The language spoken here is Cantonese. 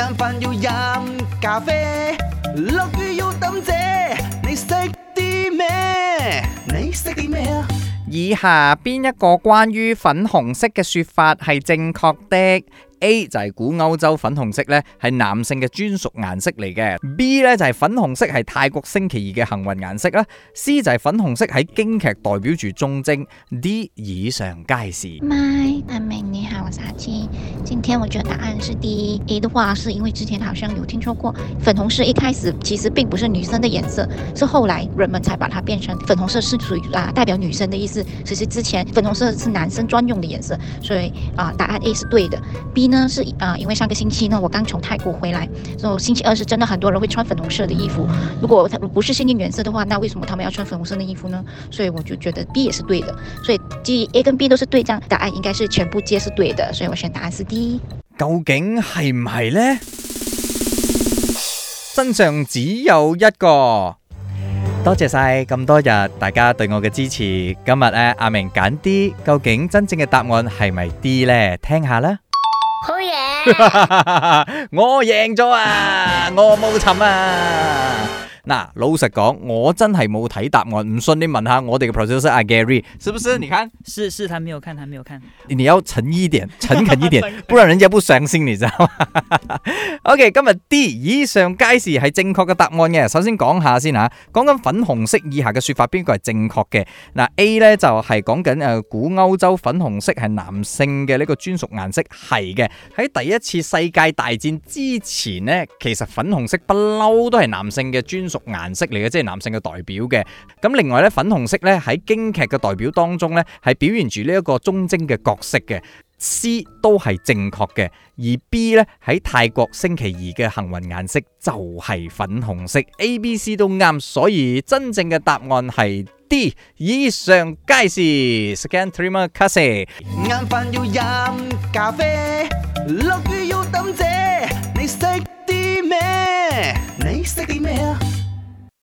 飲飯要飲咖啡，落雨要擔遮。你識啲咩？你識啲咩啊？以下邊一個關於粉紅色嘅說法係正確的？A 就係古歐洲，粉紅色呢係男性嘅專屬顏色嚟嘅。B 呢就係粉紅色係泰國星期二嘅幸運顏色啦。C 就係粉紅色喺京劇代表住忠貞。D 以上皆是。My 大明你好，我係阿 J，今天我覺得答案是 D。A 的話是因為之前好像有聽說過，粉紅色一開始其實並不是女生嘅顏色，是後來人們才把它變成粉紅色是屬於啊，代表女生嘅意思。其實之前粉紅色是男生專用嘅顏色，所以啊，答案 A 是對嘅。B。呢是啊，呃，因為上個星期呢，我剛從泰國回來，所以星期二是真的很多人會穿粉紅色的衣服。如果他不是限定顏色的話，那為什麼他們要穿粉紅色的衣服呢？所以我就覺得 B 也是對的。所以即 A 跟 B 都是對，這樣答案應該是全部皆是對的。所以我選答案是 D。究竟係唔係呢？身上只有一個。多謝晒咁多日大家對我嘅支持。今日咧，阿、啊、明揀 D。究竟真正嘅答案係咪 D 咧？聽下啦。好嘢！ 我贏咗啊！我冇沉啊！嗱，老實講，我真係冇睇答案。唔信你問下我哋嘅 producer 阿 Gary，是不是？你看，嗯，是，是他沒有看，他沒有看。你要誠意一點，誠懇一點， 不然人家不相信你，知道嗎？OK，今日 D 以上皆是係正確嘅答案嘅。首先講下先吓，講緊粉紅色以下嘅說法，邊個係正確嘅？嗱，A 呢就係講緊誒，古歐洲粉紅色係男性嘅呢個專屬顏色，係嘅。喺第一次世界大戰之前呢，其實粉紅色不嬲都係男性嘅專屬。顏色嚟嘅，即係男性嘅代表嘅。咁另外咧，粉紅色咧喺京劇嘅代表當中咧，係表現住呢一個忠貞嘅角色嘅。C 都係正確嘅，而 B 咧喺泰國星期二嘅幸運顏色就係粉紅色。A、B、C 都啱，所以真正嘅答案係 D。以上皆是。Scan three more kisses。